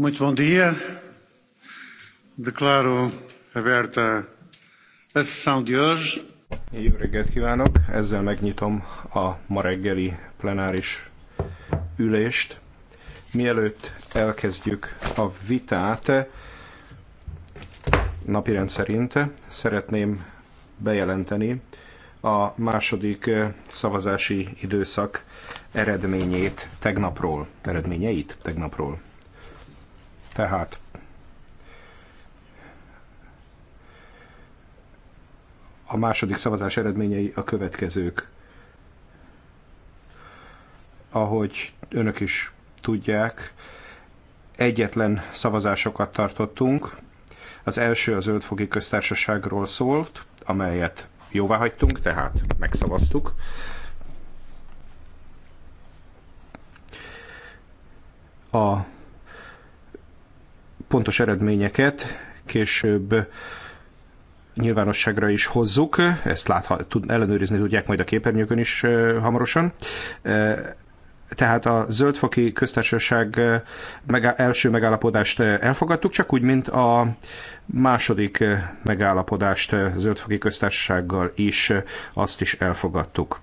Muito bom dia. Declaro aberta a sessão de hoje. Jó reggelt kívánok! Ezzel megnyitom a ma reggeli plenáris ülést. Mielőtt elkezdjük a vitát, napirend szerint szeretném bejelenteni a második szavazási időszak eredményét tegnapról, eredményeit tegnapról. Tehát a második szavazás eredményei a következők. Ahogy önök is tudják, egyetlen szavazásokat tartottunk. Az első a Zöldfogi Köztársaságról szólt, amelyet jóvá hagytunk, tehát megszavaztuk. A pontos eredményeket később nyilvánosságra is hozzuk, ezt látha, tud, ellenőrizni tudják majd a képernyőkön is hamarosan. Tehát a Zöldfoki Köztársaság megá- első megállapodást elfogadtuk, csak úgy, mint a második megállapodást Zöldfoki Köztársasággal is, azt is elfogadtuk.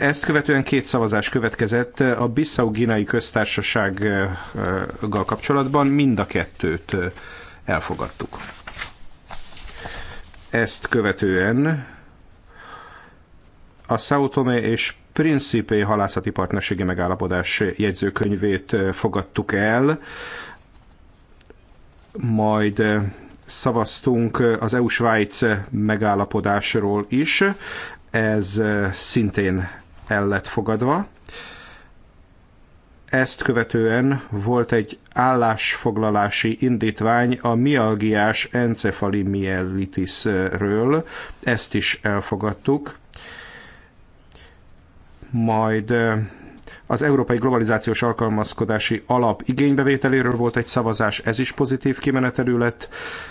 Ezt követően két szavazás következett a Bissau-Ginai köztársasággal kapcsolatban, mind a kettőt elfogadtuk. Ezt követően a Sao Tome és Principe halászati partnerségi megállapodás jegyzőkönyvét fogadtuk el, majd szavaztunk az EU-Svájc megállapodásról is, ez szintén el lett fogadva. Ezt követően volt egy állásfoglalási indítvány a mialgiás encefalimielitisről, ezt is elfogadtuk. Majd az Európai Globalizációs Alkalmazkodási Alap igénybevételéről volt egy szavazás, ez is pozitív kimenetelű lett,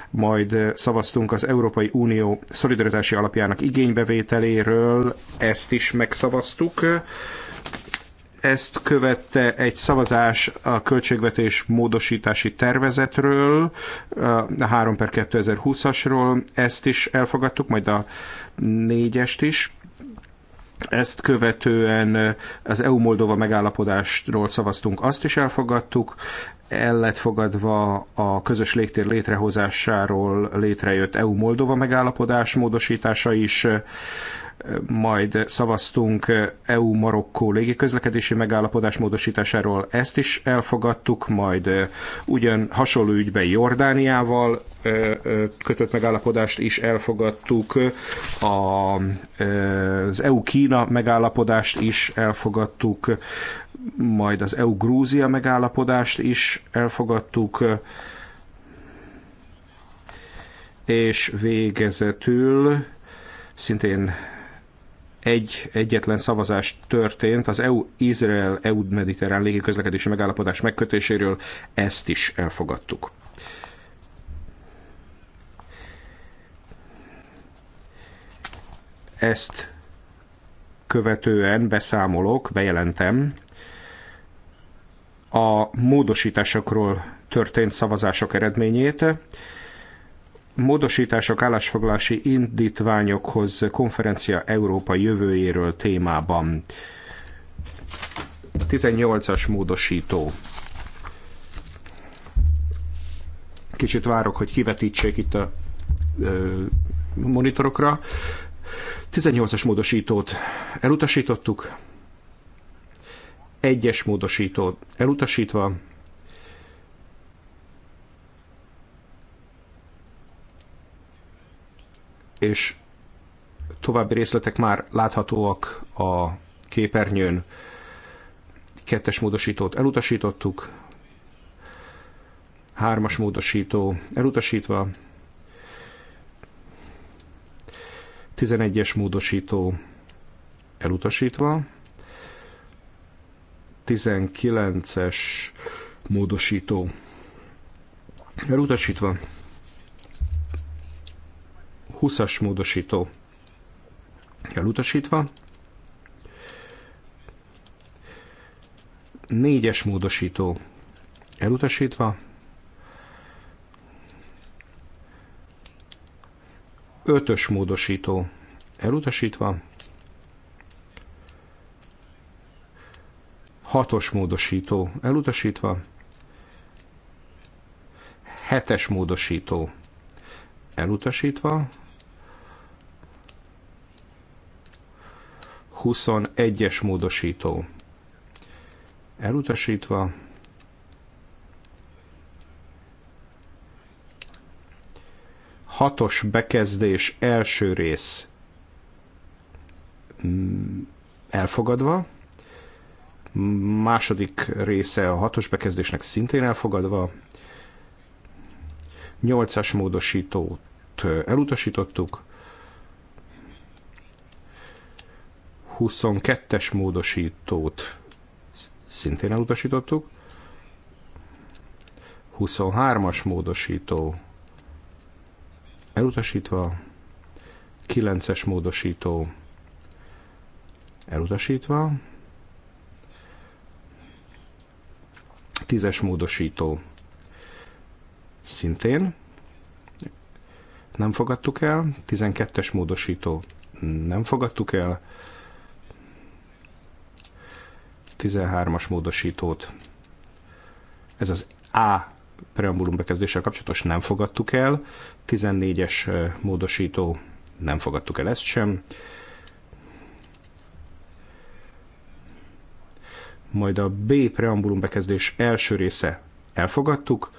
majd eh, szavaztunk az Európai Unió Szolidaritási Alapjának igénybevételéről, ezt is megszavaztuk. Ezt követte egy szavazás a költségvetés módosítási tervezetről, eh, a 3 per 2020-asról, ezt is elfogadtuk, majd a négyest is ezt követően az EU-Moldova megállapodásról szavaztunk, azt is elfogadtuk, el lett fogadva a közös légtér létrehozásáról létrejött EU-Moldova megállapodás módosítása is, majd szavaztunk eh, EU-Marokkó légiközlekedési megállapodás módosításáról, ezt is elfogadtuk, majd eh, ugyan hasonló ügyben Jordániával eh, kötött megállapodást is elfogadtuk, az EU-Kína megállapodást is elfogadtuk, majd az EU-Grúzia megállapodást is elfogadtuk, és végezetül szintén egy egyetlen szavazás történt az EU-Izrael-EU-mediterrán légiközlekedési megállapodás megkötéséről, ezt is elfogadtuk. Ezt követően beszámolok, bejelentem a módosításokról történt szavazások eredményét módosítások állásfoglalási indítványokhoz konferencia Európa jövőjéről témában. 18-as módosító. Kicsit várok, hogy kivetítsék itt a ö, monitorokra. 18-as módosítót elutasítottuk. Egyes módosítót elutasítva. és további részletek már láthatóak a képernyőn. Kettes módosítót elutasítottuk, hármas módosító elutasítva, 11-es módosító elutasítva, 19-es módosító elutasítva, 20-as módosító elutasítva. Négyes módosító elutasítva. Ötös módosító elutasítva. Hatos módosító elutasítva. Hetes módosító elutasítva. 21-es módosító. Elutasítva. Hatos bekezdés első rész mm, elfogadva. Második része a hatos bekezdésnek szintén elfogadva. Nyolcas módosítót elutasítottuk. 22-es módosítót szintén elutasítottuk. 23-as módosító elutasítva, 9-es módosító elutasítva, 10-es módosító szintén nem fogadtuk el, 12-es módosító nem fogadtuk el, 13-as módosítót. Ez az A preambulum bekezdéssel kapcsolatos nem fogadtuk el, 14-es módosító nem fogadtuk el ezt sem. Majd a B preambulum bekezdés első része elfogadtuk,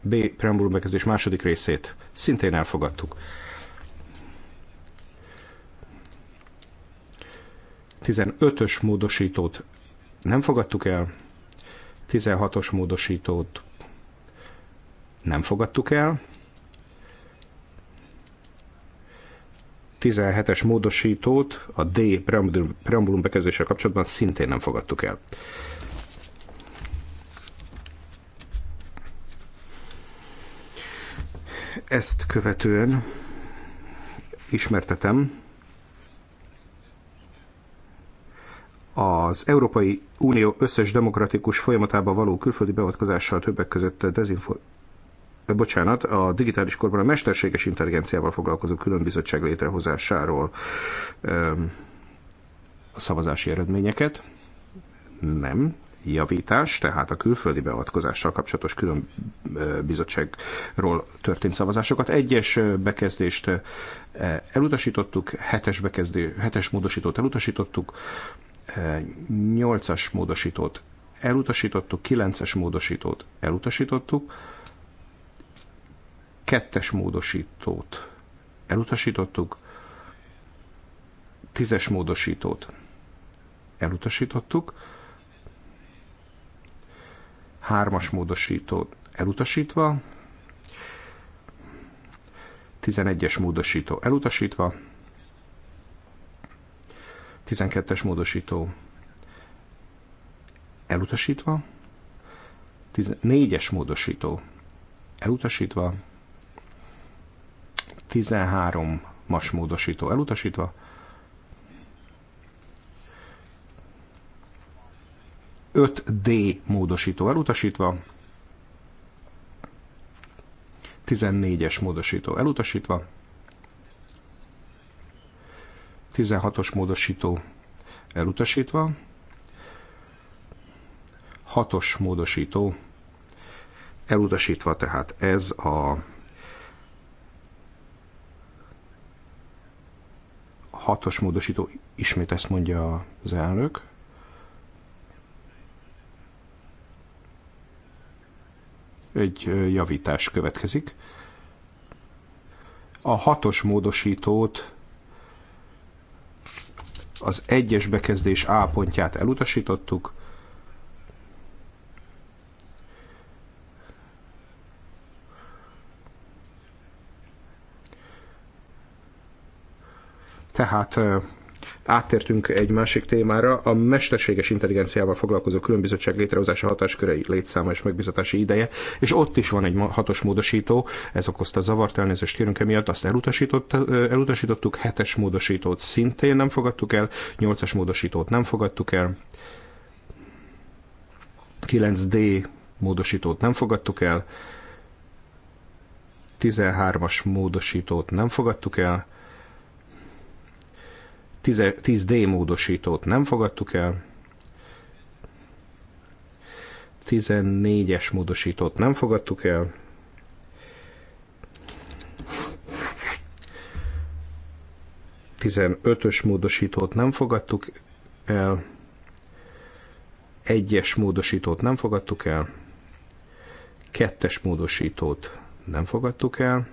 B preambulum bekezdés második részét szintén elfogadtuk. 15-ös módosítót nem fogadtuk el, 16-os módosítót nem fogadtuk el, 17-es módosítót a D preambulum bekezdéssel kapcsolatban szintén nem fogadtuk el. Ezt követően ismertetem az Európai Unió összes demokratikus folyamatában való külföldi beavatkozással többek között dezinfor... bocsánat, a digitális korban a mesterséges intelligenciával foglalkozó külön bizottság létrehozásáról a szavazási eredményeket. Nem, javítás, tehát a külföldi beavatkozással kapcsolatos külön bizottságról történt szavazásokat. Egyes bekezdést elutasítottuk, hetes, bekezdés, hetes módosítót elutasítottuk, 8-as módosítót elutasítottuk, 9-es módosítót elutasítottuk, 2-es módosítót elutasítottuk, 10-es módosítót elutasítottuk, 3-as módosítót elutasítva, 11-es módosító elutasítva, 12-es módosító elutasítva, 4-es módosító elutasítva, 13 más módosító elutasítva, 5D módosító elutasítva, 14-es módosító elutasítva, 16-os módosító elutasítva, 6-os módosító elutasítva, tehát ez a 6-os módosító, ismét ezt mondja az elnök, egy javítás következik. A hatos módosítót az egyes bekezdés A pontját elutasítottuk, tehát áttértünk egy másik témára, a mesterséges intelligenciával foglalkozó különbizottság létrehozása hatáskörei létszáma és megbizatási ideje, és ott is van egy hatos módosító, ez okozta zavart, elnézést kérünk emiatt, azt elutasított, elutasítottuk, hetes módosítót szintén nem fogadtuk el, nyolcas módosítót nem fogadtuk el, 9D módosítót nem fogadtuk el, 13-as módosítót nem fogadtuk el, 10D módosítót nem fogadtuk el, 14-es módosítót nem fogadtuk el, Tizenötös módosítót nem fogadtuk el, egyes módosítót nem fogadtuk el, kettes módosítót nem fogadtuk el,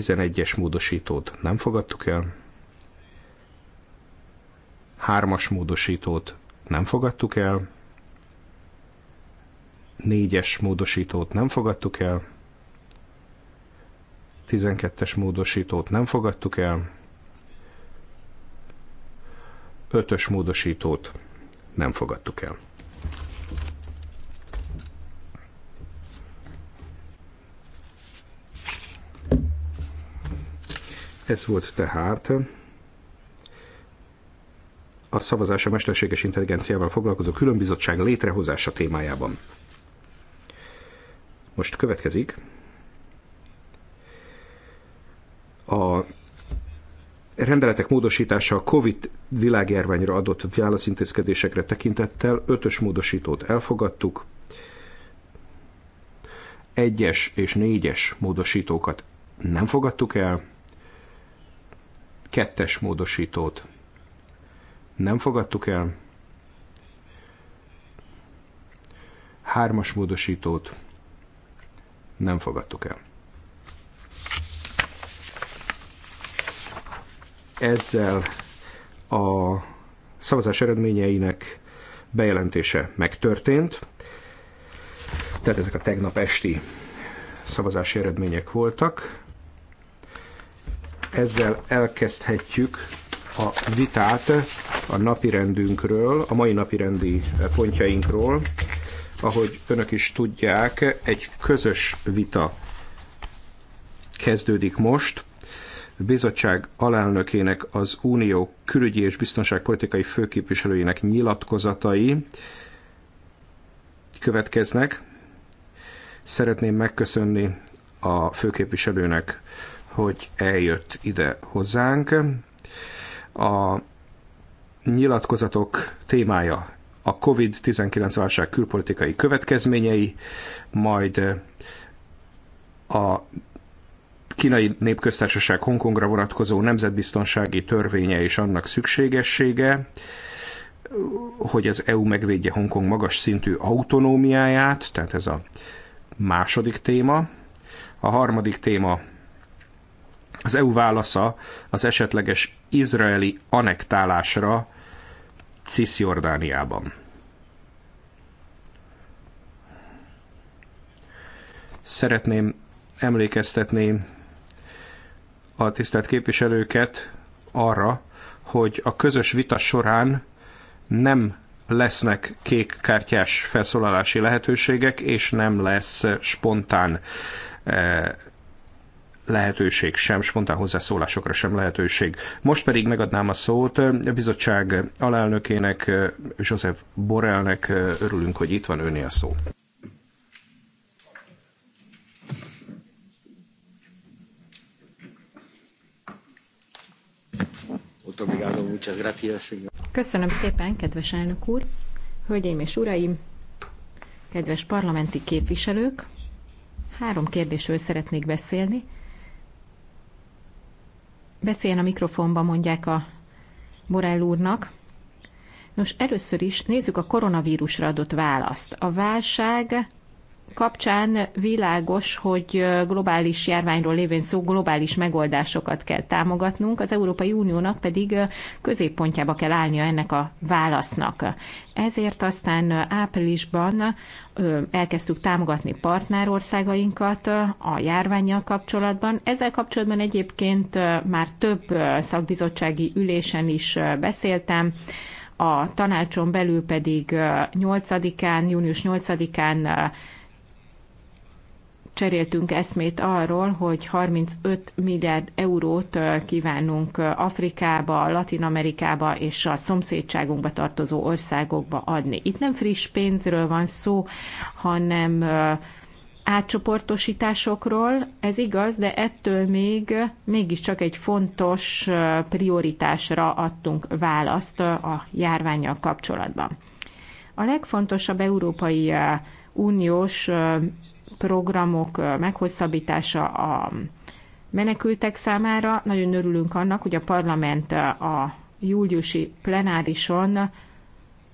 11-es módosítót nem fogadtuk el, 3-as módosítót nem fogadtuk el, 4-es módosítót nem fogadtuk el, 12-es módosítót nem fogadtuk el, 5-ös módosítót nem fogadtuk el. Ez volt tehát a szavazás a mesterséges intelligenciával foglalkozó különbizottság létrehozása témájában. Most következik a rendeletek módosítása a COVID világjárványra adott válaszintézkedésekre tekintettel ötös módosítót elfogadtuk, egyes és négyes módosítókat nem fogadtuk el, kettes módosítót. Nem fogadtuk el. Hármas módosítót. Nem fogadtuk el. Ezzel a szavazás eredményeinek bejelentése megtörtént. Tehát ezek a tegnap esti szavazási eredmények voltak ezzel elkezdhetjük a vitát a napirendünkről, a mai napirendi pontjainkról. Ahogy önök is tudják, egy közös vita kezdődik most. Bizottság alelnökének az Unió külügyi és biztonságpolitikai főképviselőjének nyilatkozatai következnek. Szeretném megköszönni a főképviselőnek hogy eljött ide hozzánk. A nyilatkozatok témája a COVID-19 válság külpolitikai következményei, majd a kínai népköztársaság Hongkongra vonatkozó nemzetbiztonsági törvénye és annak szükségessége, hogy az EU megvédje Hongkong magas szintű autonómiáját, tehát ez a második téma. A harmadik téma az EU válasza az esetleges izraeli anektálásra Cisjordániában. Szeretném emlékeztetni a tisztelt képviselőket arra, hogy a közös vita során nem lesznek kék kártyás felszólalási lehetőségek, és nem lesz spontán eh, lehetőség sem, spontán hozzászólásokra sem lehetőség. Most pedig megadnám a szót a bizottság alelnökének, József Borelnek. Örülünk, hogy itt van őné a szó. Köszönöm szépen, kedves elnök úr, hölgyeim és uraim, kedves parlamenti képviselők. Három kérdésről szeretnék beszélni, beszéljen a mikrofonba, mondják a Borrell úrnak. Nos, először is nézzük a koronavírusra adott választ. A válság kapcsán világos, hogy globális járványról lévén szó globális megoldásokat kell támogatnunk, az Európai Uniónak pedig középpontjába kell állnia ennek a válasznak. Ezért aztán áprilisban elkezdtük támogatni partnerországainkat a járványjal kapcsolatban. Ezzel kapcsolatban egyébként már több szakbizottsági ülésen is beszéltem, a tanácson belül pedig 8-án, június 8-án cseréltünk eszmét arról, hogy 35 milliárd eurót kívánunk Afrikába, Latin Amerikába és a szomszédságunkba tartozó országokba adni. Itt nem friss pénzről van szó, hanem átcsoportosításokról, ez igaz, de ettől még mégiscsak egy fontos prioritásra adtunk választ a járványjal kapcsolatban. A legfontosabb európai uniós programok meghosszabbítása a menekültek számára. Nagyon örülünk annak, hogy a parlament a júliusi plenárison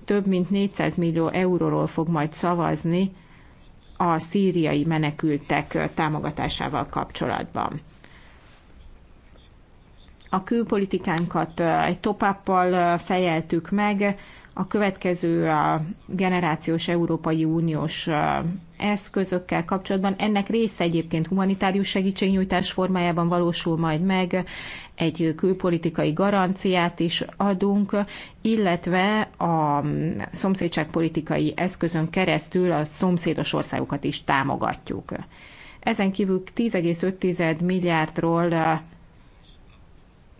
több mint 400 millió euróról fog majd szavazni a szíriai menekültek támogatásával kapcsolatban. A külpolitikánkat egy top fejeltük meg, a következő generációs Európai Uniós eszközökkel kapcsolatban. Ennek része egyébként humanitárius segítségnyújtás formájában valósul majd meg, egy külpolitikai garanciát is adunk, illetve a szomszédságpolitikai eszközön keresztül a szomszédos országokat is támogatjuk. Ezen kívül 10,5 milliárdról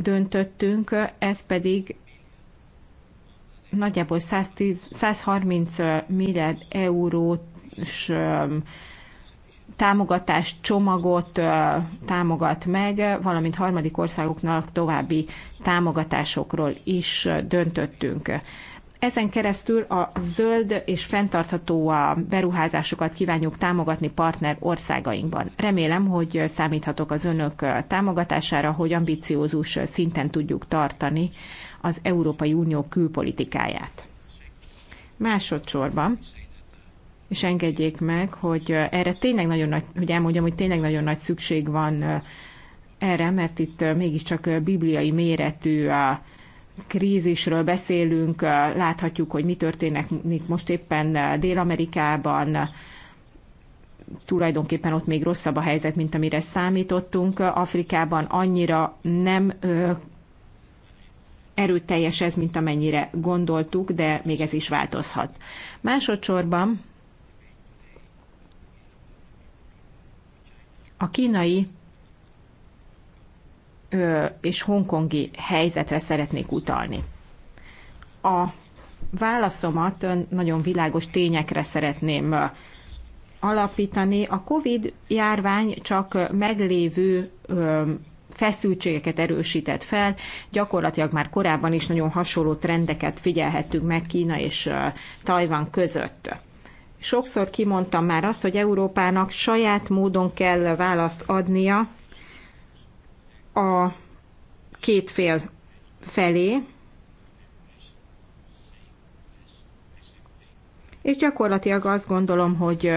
döntöttünk, ez pedig nagyjából 110, 130 milliárd eurós támogatás csomagot támogat meg, valamint harmadik országoknak további támogatásokról is döntöttünk. Ezen keresztül a zöld és fenntartható a beruházásokat kívánjuk támogatni partner országainkban. Remélem, hogy számíthatok az önök támogatására, hogy ambiciózus szinten tudjuk tartani az Európai Unió külpolitikáját. Másodszorban, és engedjék meg, hogy erre tényleg nagyon nagy, hogy elmondjam, hogy tényleg nagyon nagy szükség van erre, mert itt mégiscsak bibliai méretű a krízisről beszélünk, láthatjuk, hogy mi történik most éppen Dél-Amerikában, tulajdonképpen ott még rosszabb a helyzet, mint amire számítottunk. Afrikában annyira nem erőteljes ez, mint amennyire gondoltuk, de még ez is változhat. Másodszorban a kínai és hongkongi helyzetre szeretnék utalni. A válaszomat nagyon világos tényekre szeretném alapítani. A COVID járvány csak meglévő feszültségeket erősített fel. Gyakorlatilag már korábban is nagyon hasonló trendeket figyelhettünk meg Kína és Tajvan között. Sokszor kimondtam már azt, hogy Európának saját módon kell választ adnia a két fél felé, és gyakorlatilag azt gondolom, hogy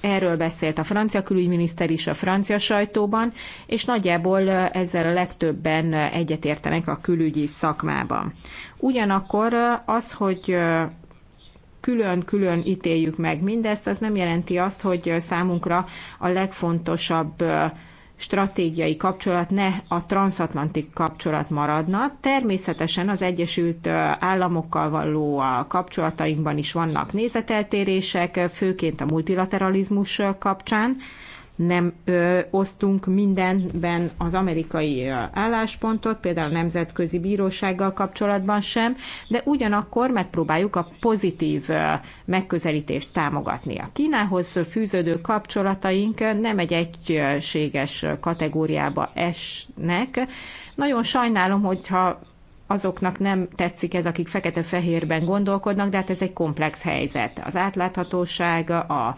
Erről beszélt a francia külügyminiszter is a francia sajtóban, és nagyjából ezzel a legtöbben egyetértenek a külügyi szakmában. Ugyanakkor az, hogy külön-külön ítéljük meg mindezt, az nem jelenti azt, hogy számunkra a legfontosabb stratégiai kapcsolat ne a transatlantik kapcsolat maradna. Természetesen az Egyesült Államokkal való a kapcsolatainkban is vannak nézeteltérések, főként a multilateralizmus kapcsán, nem ö, osztunk mindenben az amerikai álláspontot, például a Nemzetközi Bírósággal kapcsolatban sem, de ugyanakkor megpróbáljuk a pozitív ö, megközelítést támogatni. A Kínához fűződő kapcsolataink nem egy egységes kategóriába esnek. Nagyon sajnálom, hogyha azoknak nem tetszik ez, akik fekete-fehérben gondolkodnak, de hát ez egy komplex helyzet. Az átláthatóság, a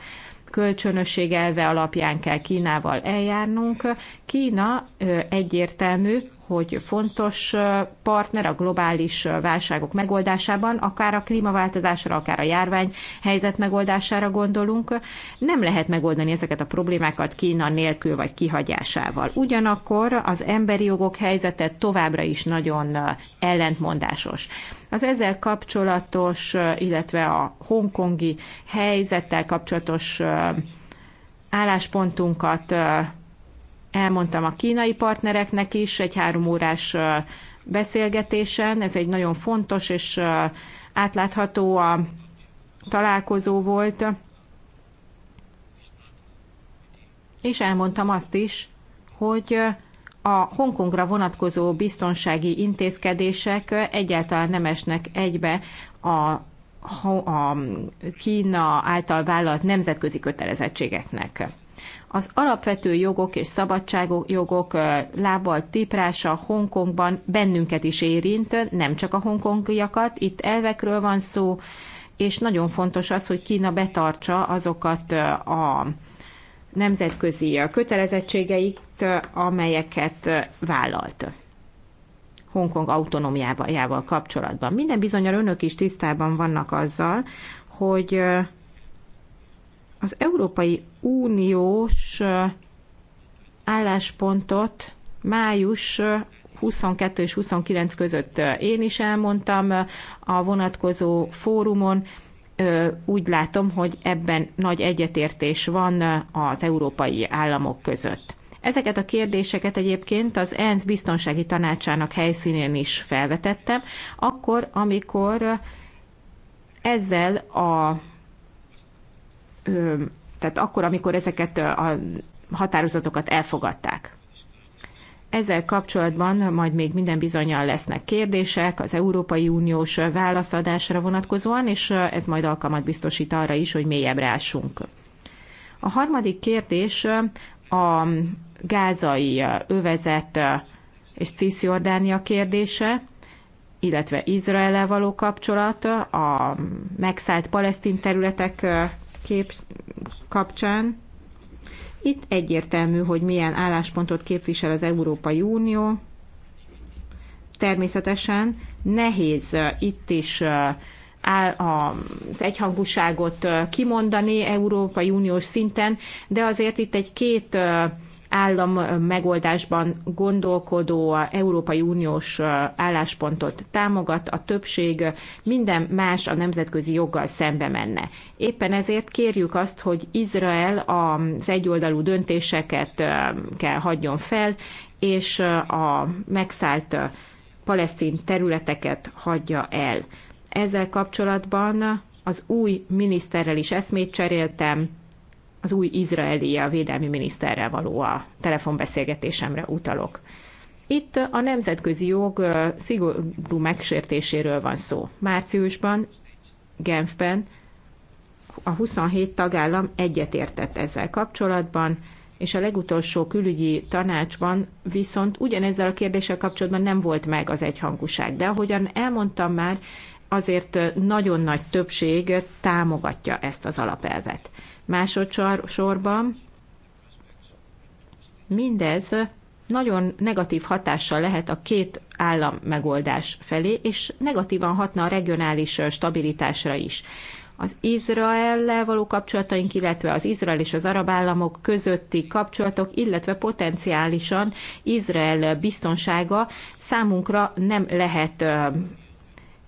kölcsönösség elve alapján kell Kínával eljárnunk. Kína egyértelmű hogy fontos partner a globális válságok megoldásában, akár a klímaváltozásra, akár a járvány helyzet megoldására gondolunk. Nem lehet megoldani ezeket a problémákat Kína nélkül vagy kihagyásával. Ugyanakkor az emberi jogok helyzete továbbra is nagyon ellentmondásos. Az ezzel kapcsolatos, illetve a hongkongi helyzettel kapcsolatos álláspontunkat Elmondtam a kínai partnereknek is egy három órás beszélgetésen, ez egy nagyon fontos és átlátható a találkozó volt. És elmondtam azt is, hogy a Hongkongra vonatkozó biztonsági intézkedések egyáltalán nem esnek egybe a, a Kína által vállalt nemzetközi kötelezettségeknek az alapvető jogok és szabadságjogok lábbal típrása Hongkongban bennünket is érint, nem csak a hongkongiakat, itt elvekről van szó, és nagyon fontos az, hogy Kína betartsa azokat a nemzetközi kötelezettségeit, amelyeket vállalt. Hongkong autonómiájával kapcsolatban. Minden bizonyal önök is tisztában vannak azzal, hogy az Európai Uniós álláspontot május 22 és 29 között én is elmondtam a vonatkozó fórumon. Úgy látom, hogy ebben nagy egyetértés van az európai államok között. Ezeket a kérdéseket egyébként az ENSZ biztonsági tanácsának helyszínén is felvetettem, akkor, amikor ezzel a tehát akkor, amikor ezeket a határozatokat elfogadták. Ezzel kapcsolatban majd még minden bizonyal lesznek kérdések az Európai Uniós válaszadásra vonatkozóan, és ez majd alkalmat biztosít arra is, hogy mélyebbre ássunk. A harmadik kérdés a gázai övezet és Cisziordánia kérdése, illetve izrael való kapcsolat, a megszállt palesztin területek kép kapcsán. Itt egyértelmű, hogy milyen álláspontot képvisel az Európai Unió. Természetesen nehéz uh, itt is uh, az egyhangúságot uh, kimondani Európai Uniós szinten, de azért itt egy két állam megoldásban gondolkodó Európai Uniós álláspontot támogat, a többség minden más a nemzetközi joggal szembe menne. Éppen ezért kérjük azt, hogy Izrael az egyoldalú döntéseket kell hagyjon fel, és a megszállt palesztin területeket hagyja el. Ezzel kapcsolatban az új miniszterrel is eszmét cseréltem, az új izraeli a védelmi miniszterrel való a telefonbeszélgetésemre utalok. Itt a nemzetközi jog szigorú megsértéséről van szó. Márciusban, Genfben a 27 tagállam egyetértett ezzel kapcsolatban, és a legutolsó külügyi tanácsban viszont ugyanezzel a kérdéssel kapcsolatban nem volt meg az egyhangúság. De ahogyan elmondtam már, azért nagyon nagy többség támogatja ezt az alapelvet. Másodszorban mindez nagyon negatív hatással lehet a két állam megoldás felé, és negatívan hatna a regionális stabilitásra is. Az izrael való kapcsolataink, illetve az Izrael és az arab államok közötti kapcsolatok, illetve potenciálisan Izrael biztonsága számunkra nem lehet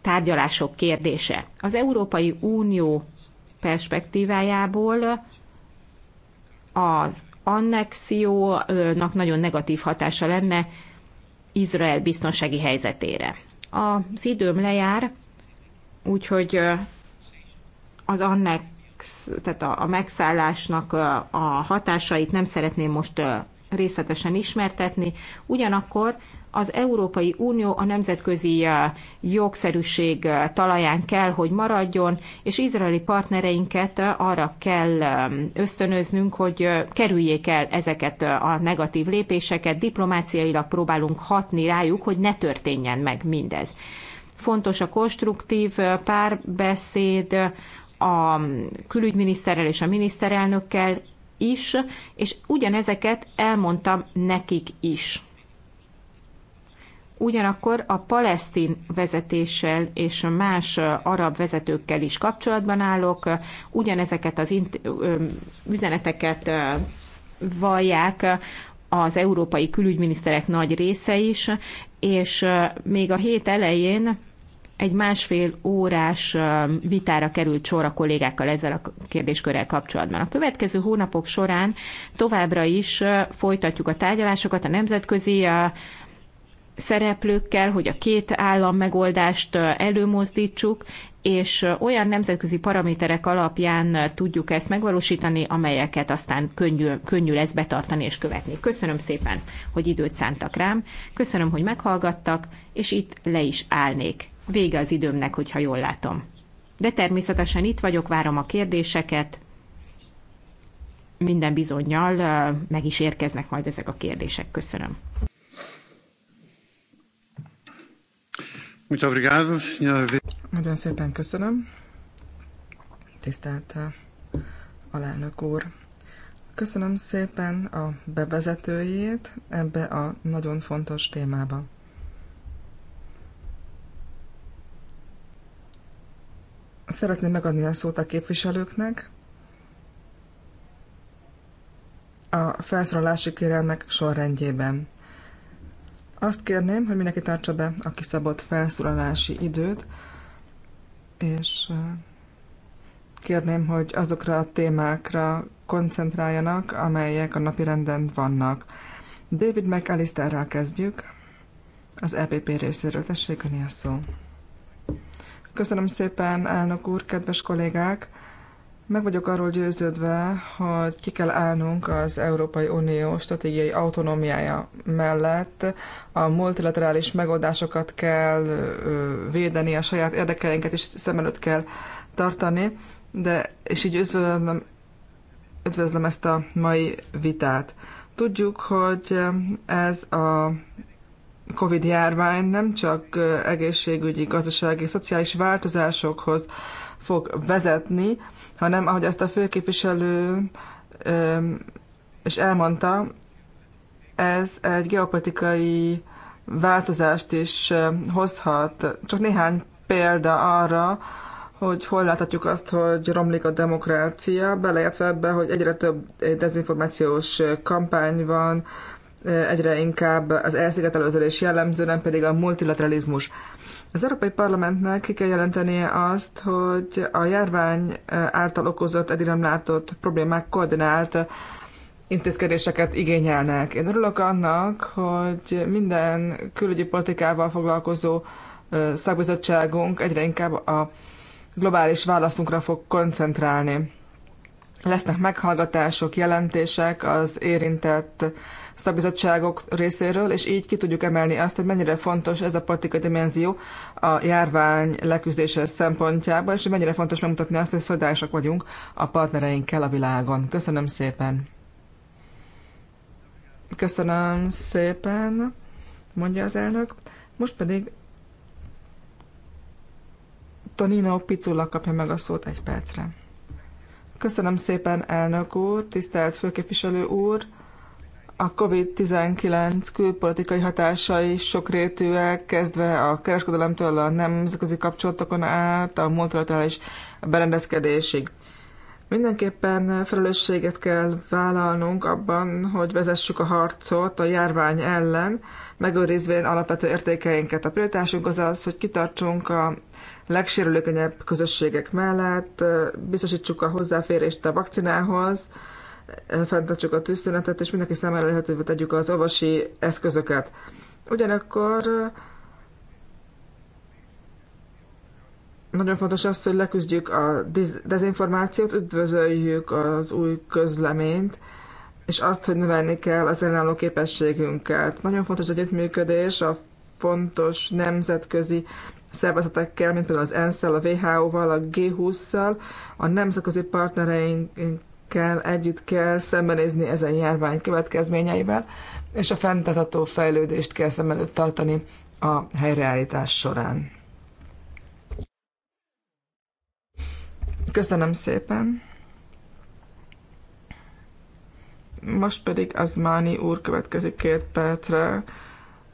tárgyalások kérdése. Az Európai Unió perspektívájából az annexiónak nagyon negatív hatása lenne Izrael biztonsági helyzetére. Az időm lejár, úgyhogy az annex, tehát a, a megszállásnak a hatásait nem szeretném most részletesen ismertetni, ugyanakkor az Európai Unió a nemzetközi uh, jogszerűség uh, talaján kell, hogy maradjon, és izraeli partnereinket uh, arra kell um, ösztönöznünk, hogy kerüljék el ezeket a negatív lépéseket, diplomáciailag próbálunk hatni rájuk, hogy ne történjen meg mindez. Fontos a konstruktív párbeszéd a külügyminiszterrel és a miniszterelnökkel is, és ugyanezeket elmondtam nekik is ugyanakkor a palesztin vezetéssel és más arab vezetőkkel is kapcsolatban állok, ugyanezeket az üzeneteket vallják az európai külügyminiszterek nagy része is, és még a hét elején egy másfél órás vitára került sor a kollégákkal ezzel a kérdéskörrel kapcsolatban. A következő hónapok során továbbra is folytatjuk a tárgyalásokat a nemzetközi szereplőkkel, hogy a két állam megoldást előmozdítsuk, és olyan nemzetközi paraméterek alapján tudjuk ezt megvalósítani, amelyeket aztán könnyű, könnyű lesz betartani és követni. Köszönöm szépen, hogy időt szántak rám, köszönöm, hogy meghallgattak, és itt le is állnék. Vége az időmnek, hogyha jól látom. De természetesen itt vagyok, várom a kérdéseket. Minden bizonyal meg is érkeznek majd ezek a kérdések. Köszönöm. Muito obrigado, senhora. Nagyon szépen köszönöm. Tisztelt eh, alelnök úr. Köszönöm szépen a bevezetőjét ebbe a nagyon fontos témába. Szeretném megadni a szót a képviselőknek. A felszólalási kérelmek sorrendjében. Azt kérném, hogy mindenki tartsa be a kiszabott felszólalási időt, és kérném, hogy azokra a témákra koncentráljanak, amelyek a napi renden vannak. David McAllisterrel kezdjük. Az EPP részéről tessék a szó. Köszönöm szépen, elnök úr, kedves kollégák! Meg vagyok arról győződve, hogy ki kell állnunk az Európai Unió stratégiai autonómiája mellett, a multilaterális megoldásokat kell védeni, a saját érdekeinket is szem előtt kell tartani, de és így üdvözlöm, üdvözlöm ezt a mai vitát. Tudjuk, hogy ez a COVID járvány nem csak egészségügyi, gazdasági, szociális változásokhoz fog vezetni, hanem ahogy azt a főképviselő és elmondta, ez egy geopolitikai változást is hozhat. Csak néhány példa arra, hogy hol láthatjuk azt, hogy romlik a demokrácia, beleértve ebbe, hogy egyre több dezinformációs kampány van, egyre inkább az elszigetelőződés jellemző, nem pedig a multilateralizmus. Az Európai Parlamentnek ki kell jelentenie azt, hogy a járvány által okozott eddig nem látott problémák koordinált intézkedéseket igényelnek. Én örülök annak, hogy minden külügyi politikával foglalkozó szakbizottságunk egyre inkább a globális válaszunkra fog koncentrálni. Lesznek meghallgatások, jelentések az érintett szakbizottságok részéről, és így ki tudjuk emelni azt, hogy mennyire fontos ez a politikai dimenzió a járvány leküzdése szempontjából, és mennyire fontos megmutatni azt, hogy szolidárisak vagyunk a partnereinkkel a világon. Köszönöm szépen! Köszönöm szépen, mondja az elnök. Most pedig Tonino Picula kapja meg a szót egy percre. Köszönöm szépen, elnök úr, tisztelt főképviselő úr! a COVID-19 külpolitikai hatásai sokrétűek, kezdve a kereskedelemtől a nemzetközi kapcsolatokon át, a multilaterális berendezkedésig. Mindenképpen felelősséget kell vállalnunk abban, hogy vezessük a harcot a járvány ellen, megőrizvén alapvető értékeinket. A prioritásunk az az, hogy kitartsunk a legsérülékenyebb közösségek mellett, biztosítsuk a hozzáférést a vakcinához, fenntartsuk a tűzszünetet, és mindenki számára lehetővé tegyük az avasi eszközöket. Ugyanakkor eh, nagyon fontos az, hogy leküzdjük a dezinformációt, üdvözöljük az új közleményt, és azt, hogy növelni kell az ellenálló képességünket. Nagyon fontos együttműködés a fontos nemzetközi szervezetekkel, mint például az ENSZ-el, a WHO-val, a G20-szal, a nemzetközi partnereink kell, együtt kell szembenézni ezen járvány következményeivel, és a fenntartható fejlődést kell szem előtt tartani a helyreállítás során. Köszönöm szépen! Most pedig az Máni úr következik két percre.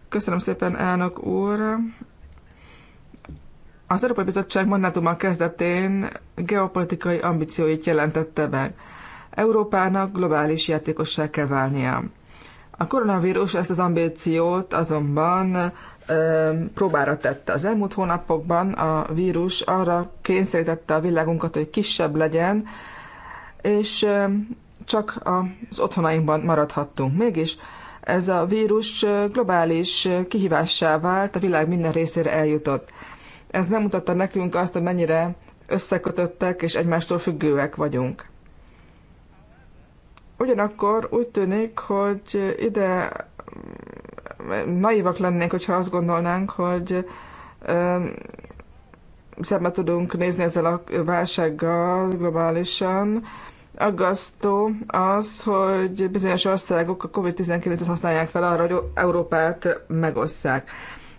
Köszönöm szépen, elnök úr! Az Európai Bizottság mandátummal kezdetén geopolitikai ambícióit jelentette meg. Európának globális játékossá kell válnia. A koronavírus ezt az ambíciót azonban e, próbára tette. Az elmúlt hónapokban a vírus arra kényszerítette a világunkat, hogy kisebb legyen, és e, csak az otthonainkban maradhattunk. Mégis ez a vírus globális kihívássá vált, a világ minden részére eljutott. Ez nem mutatta nekünk azt, hogy mennyire összekötöttek és egymástól függőek vagyunk. Ugyanakkor úgy tűnik, hogy ide mm, naivak lennénk, hogyha azt gondolnánk, hogy mm, szembe tudunk nézni ezzel a válsággal globálisan. Aggasztó az, hogy bizonyos országok a COVID-19-et használják fel arra, hogy Európát megosszák.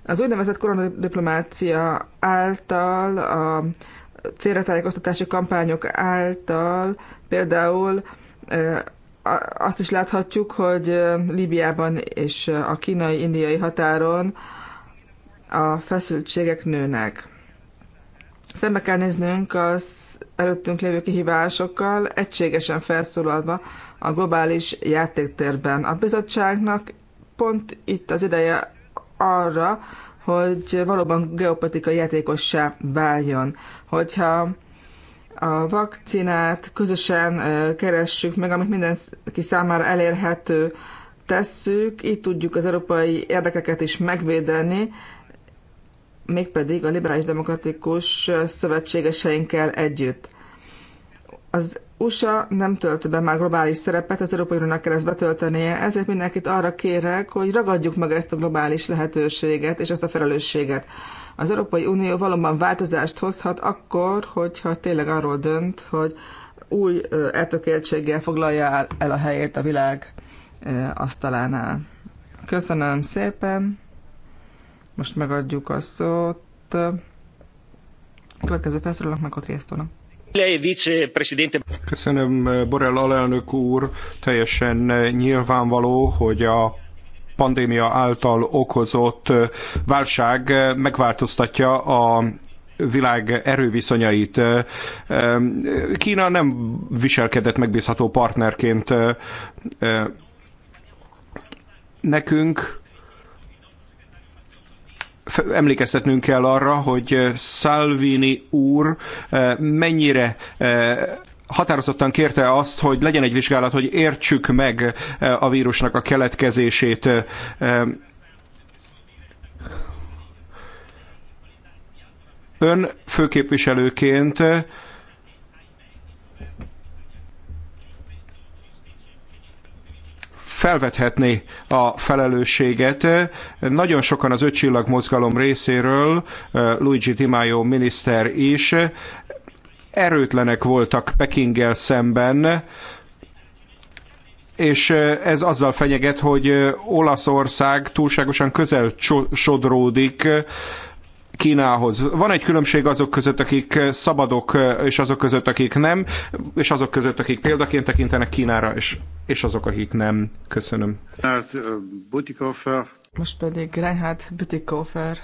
Az úgynevezett koronadiplomácia által, a félretájékoztatási kampányok által például eh, azt is láthatjuk, hogy Líbiában és a kínai-indiai határon a feszültségek nőnek. Szembe kell néznünk az előttünk lévő kihívásokkal, egységesen felszólalva a globális játéktérben. A bizottságnak pont itt az ideje arra, hogy valóban geopolitikai játékossá váljon. Hogyha a vakcinát közösen keressük meg, amit mindenki számára elérhető tesszük, így tudjuk az európai érdekeket is megvédeni, mégpedig a liberális demokratikus szövetségeseinkkel együtt. Az USA nem tölt be már globális szerepet, az Európai Uniónak kell ezt betöltenie, ezért mindenkit arra kérek, hogy ragadjuk meg ezt a globális lehetőséget és ezt a felelősséget. Az Európai Unió valóban változást hozhat akkor, hogyha tényleg arról dönt, hogy új eltökéltséggel foglalja el a helyét a világ asztalánál. Köszönöm szépen. Most megadjuk a szót. Következő felszólalnak meg a Triestónak. Köszönöm, Borrell alelnök úr. Teljesen nyilvánvaló, hogy a pandémia által okozott válság megváltoztatja a világ erőviszonyait. Kína nem viselkedett megbízható partnerként nekünk emlékeztetnünk kell arra, hogy Salvini úr mennyire határozottan kérte azt, hogy legyen egy vizsgálat, hogy értsük meg eh, a vírusnak a keletkezését. Eh, eh. Ön főképviselőként felvethetné a felelősséget. Nagyon sokan az ötcsillag mozgalom részéről, Luigi Di Maio miniszter is erőtlenek voltak Pekinggel szemben, és ez azzal fenyeget, hogy Olaszország túlságosan közel sodródik Kínához. Van egy különbség azok között, akik szabadok, és azok között, akik nem, és azok között, akik példaként tekintenek Kínára, és, és azok, akik nem. Köszönöm. Most pedig Reinhard Bütikofer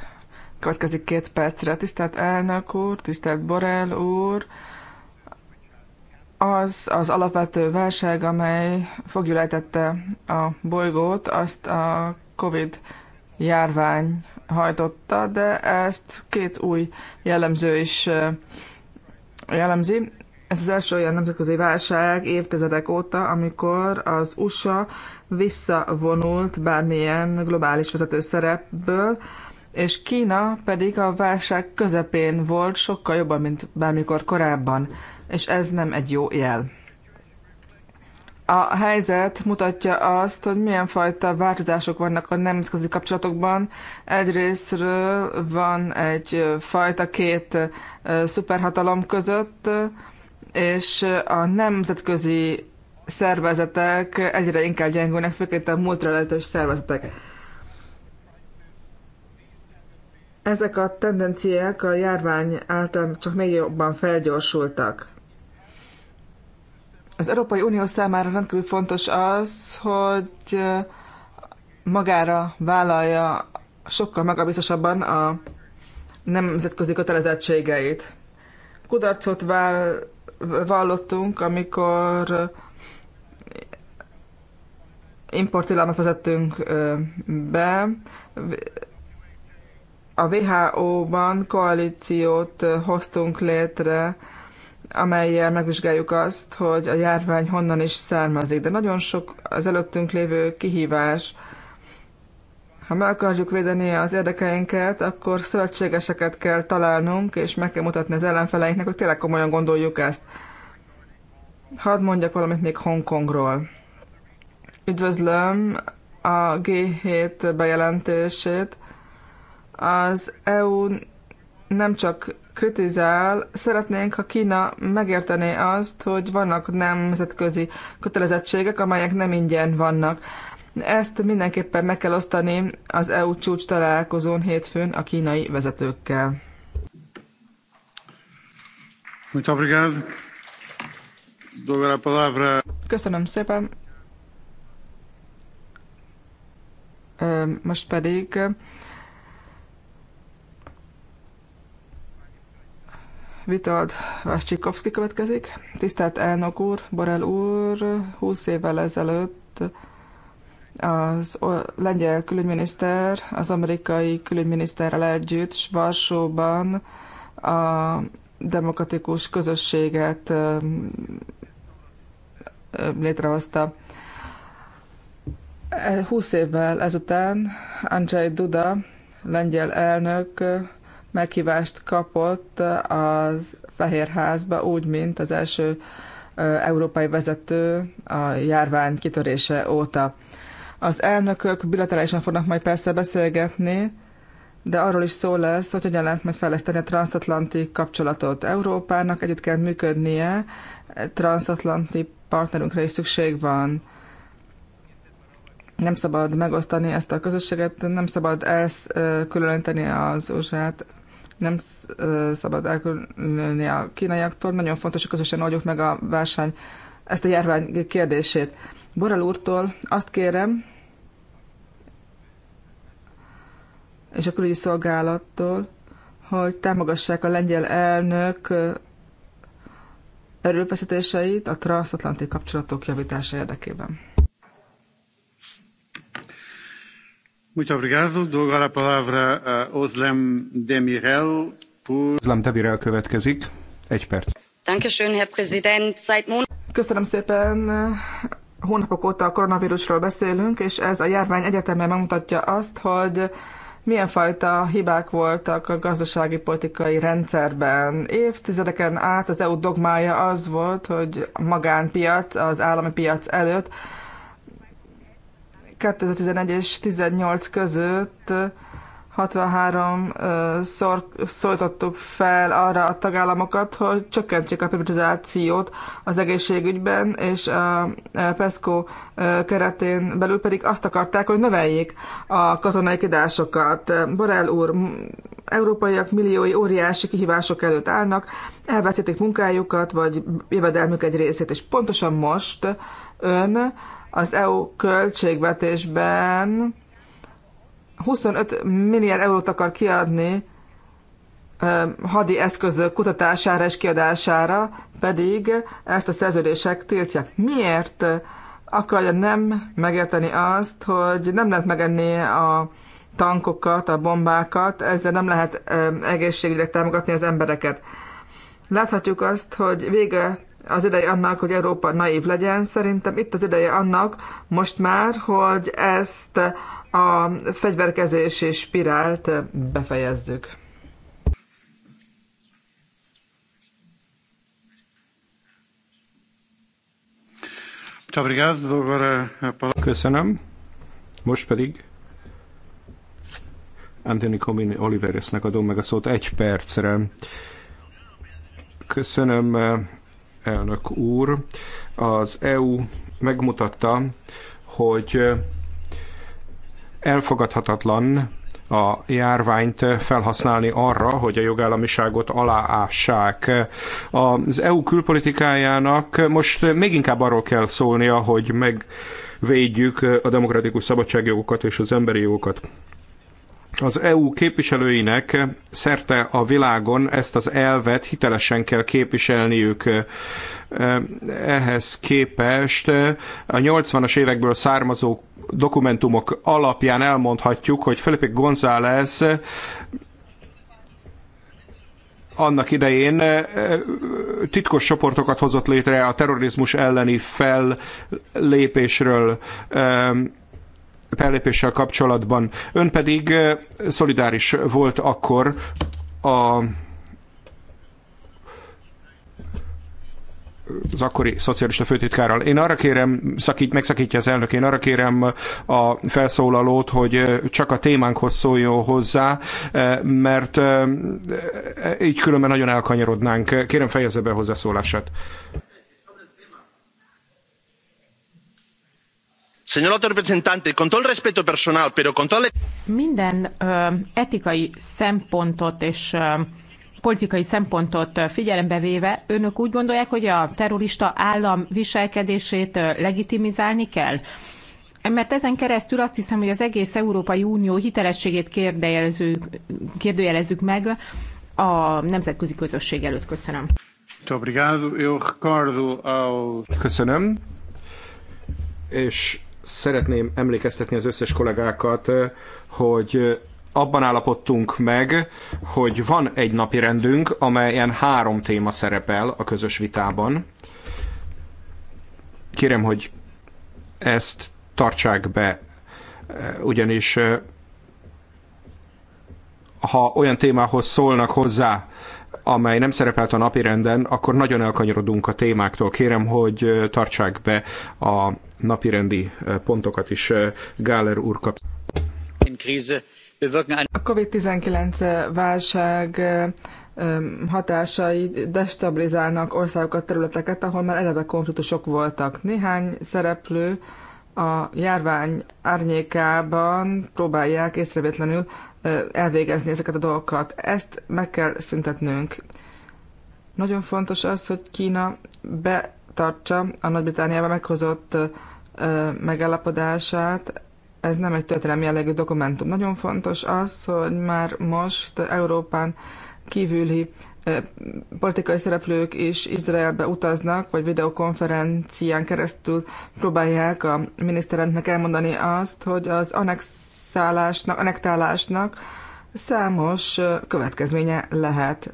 Következik két percre. Tisztelt elnök úr, tisztelt Borel úr, az az alapvető válság, amely fogjulejtette a bolygót, azt a Covid járvány hajtotta, de ezt két új jellemző is jellemzi. Ez az első olyan nemzetközi válság évtizedek óta, amikor az USA visszavonult bármilyen globális vezető szerepből, és Kína pedig a válság közepén volt sokkal jobban, mint bármikor korábban, és ez nem egy jó jel. A helyzet mutatja azt, hogy milyen fajta változások vannak a nemzetközi kapcsolatokban. Egyrésztről van egy fajta két szuperhatalom között, és a nemzetközi szervezetek egyre inkább gyengülnek, főként a multilaterális szervezetek ezek a tendenciák a járvány által csak még jobban felgyorsultak. Az Európai Unió számára rendkívül fontos az, hogy magára vállalja sokkal magabiztosabban a nemzetközi kötelezettségeit. Kudarcot vál, vallottunk, amikor importtilalmat vezettünk be, a WHO-ban koalíciót hoztunk létre, amelyel megvizsgáljuk azt, hogy a járvány honnan is származik. De nagyon sok az előttünk lévő kihívás. Ha meg akarjuk védeni az érdekeinket, akkor szövetségeseket kell találnunk, és meg kell mutatni az ellenfeleinknek, hogy tényleg komolyan gondoljuk ezt. Hadd mondjak valamit még Hongkongról. Üdvözlöm a G7 bejelentését, az EU nem csak kritizál, szeretnénk, ha Kína megértené azt, hogy vannak nemzetközi kötelezettségek, amelyek nem ingyen vannak. Ezt mindenképpen meg kell osztani az EU csúcs találkozón hétfőn a kínai vezetőkkel. Köszönöm szépen. Most pedig Vitold Vascsikovszki következik. Tisztelt elnök úr, Borel úr, 20 évvel ezelőtt az lengyel külügyminiszter, az amerikai külügyminiszterrel együtt Varsóban a demokratikus közösséget létrehozta. 20 e- évvel ezután Andrzej Duda, lengyel elnök meghívást kapott az Fehérházba, úgy, mint az első európai vezető a járvány kitörése óta. Az elnökök bilaterálisan fognak majd persze beszélgetni, de arról is szó lesz, hogy hogyan lehet majd fejleszteni a transatlanti kapcsolatot Európának, együtt kell működnie, transatlanti partnerünkre is szükség van. Nem szabad megosztani ezt a közösséget, nem szabad elkülöníteni az usa nem szabad elkülönülni a kínaiaktól. Nagyon fontos, hogy közösen oldjuk meg a válság, ezt a járvány kérdését. Borral úrtól azt kérem, és a külügyi szolgálattól, hogy támogassák a lengyel elnök erőfeszítéseit a transatlanti kapcsolatok javítása érdekében. Muito obrigado. Dou agora a palavra a Özlem Demirel. Por... Özlem Demirel következik. Egy perc. Dankeschön, Herr Präsident. Seit Mon Köszönöm szépen. Hónapok óta a koronavírusról beszélünk, és ez a járvány egyetemben megmutatja azt, hogy milyen fajta hibák voltak a gazdasági politikai rendszerben. Évtizedeken át az EU dogmája az volt, hogy a magánpiac az állami piac előtt 2011 és 18 között 63 szor szólítottuk fel arra a tagállamokat, hogy csökkentsék a privatizációt az egészségügyben, és a PESCO keretén belül pedig azt akarták, hogy növeljék a katonai kidásokat. Borel úr, európaiak milliói óriási kihívások előtt állnak, elveszítik munkájukat, vagy jövedelmük egy részét, és pontosan most ön az EU költségvetésben 25 milliárd eurót akar kiadni hadi eszközök kutatására és kiadására, pedig ezt a szerződések tiltják. Miért akarja nem megérteni azt, hogy nem lehet megenni a tankokat, a bombákat, ezzel nem lehet egészségügyre támogatni az embereket. Láthatjuk azt, hogy vége az ideje annak, hogy Európa naív legyen. Szerintem itt az ideje annak most már, hogy ezt a fegyverkezési spirált befejezzük. Köszönöm. Most pedig Anthony Comini Oliveresnek adom meg a szót egy percre. Köszönöm, elnök úr. Az EU megmutatta, hogy elfogadhatatlan a járványt felhasználni arra, hogy a jogállamiságot aláássák. Az EU külpolitikájának most még inkább arról kell szólnia, hogy megvédjük a demokratikus szabadságjogokat és az emberi jogokat az EU képviselőinek szerte a világon ezt az elvet hitelesen kell képviselniük. Ehhez képest a 80-as évekből származó dokumentumok alapján elmondhatjuk, hogy Felipe González annak idején eh, titkos csoportokat hozott létre a terrorizmus elleni fellépésről fellépéssel kapcsolatban. Ön pedig szolidáris volt akkor a az akkori szocialista főtitkárral. Én arra kérem, szakít, megszakítja az elnök, én arra kérem a felszólalót, hogy csak a témánkhoz szóljon hozzá, mert így különben nagyon elkanyarodnánk. Kérem fejezze be hozzászólását. Señor alto Minden etikai szempontot és politikai szempontot figyelembe véve, önök úgy gondolják, hogy a terrorista állam viselkedését legitimizálni kell? Mert ezen keresztül azt hiszem, hogy az egész Európai Unió hitelességét kérdőjelezzük, kérdőjelezzük meg a nemzetközi közösség előtt. Köszönöm. Köszönöm. És szeretném emlékeztetni az összes kollégákat, eh, hogy eh, abban állapodtunk meg, hogy van egy napi rendünk, amelyen három téma szerepel a közös vitában. Kérem, hogy ezt tartsák be, eh, ugyanis ha olyan témához szólnak hozzá, amely nem szerepelt a napirenden, akkor nagyon elkanyarodunk a témáktól. Kérem, hogy tartsák be a napirendi eh, pontokat is eh, Gáler úr kap. A COVID-19 eh, válság hatásai destabilizálnak országokat, területeket, ahol már eleve konfliktusok voltak. Néhány szereplő a járvány árnyékában próbálják észrevétlenül elvégezni ezeket a dolgokat. Ezt meg kell szüntetnünk. Nagyon fontos az, hogy Kína be tartsa a Nagy-Britániában meghozott megállapodását. Ez nem egy történelmi jellegű dokumentum. Nagyon fontos az, hogy már most Európán kívüli politikai szereplők is Izraelbe utaznak, vagy videokonferencián keresztül próbálják a miniszterelnöknek elmondani azt, hogy az anexálásnak, anektálásnak számos következménye lehet.